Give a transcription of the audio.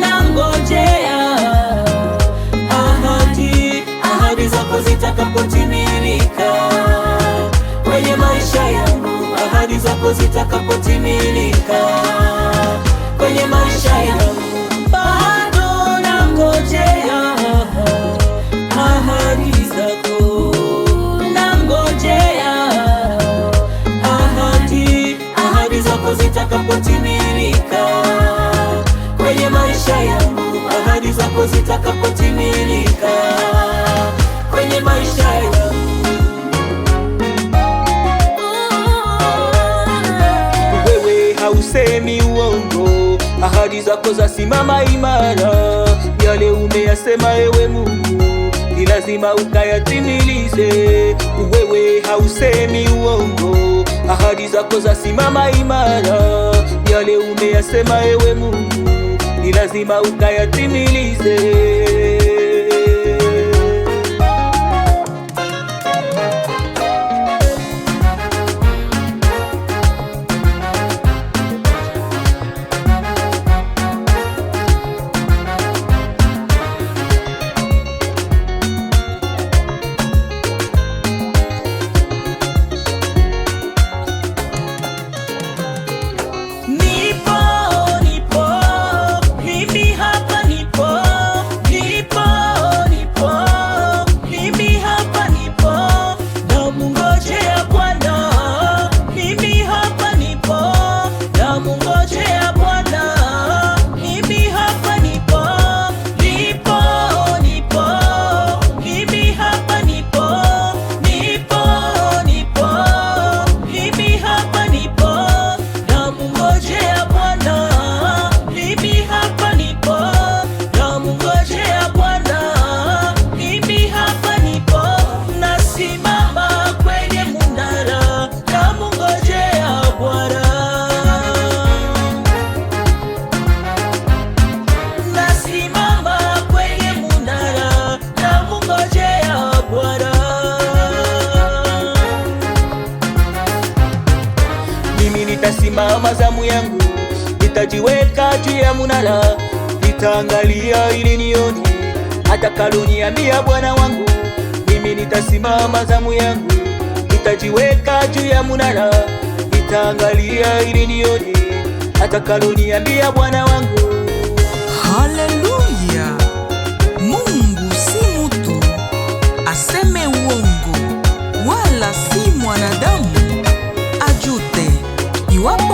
nangojea ahadi, ahadi zako zitakapotimilika kwenye maisha yangu, ahadi zako zitakapotimilika kwenye maisha yangu ahadi zako za simama imara. Yale umeyasema ewe Mungu ni lazima ukayatimilize, wewe hausemi uongo. Ahadi zako za simama imara. Yale umeyasema ewe Mungu ni lazima ukayatimilize. mazamu yangu, nitajiweka juu ya munara, nitaangalia ili nione atakaloniambia Bwana wangu. Mimi nitasimama zamu yangu, nitajiweka juu ya munara, nitaangalia ili nioni atakaloniambia Bwana wangu. Haleluya! Mungu si mutu aseme uongo, wala si mwanadamu ajute iwapo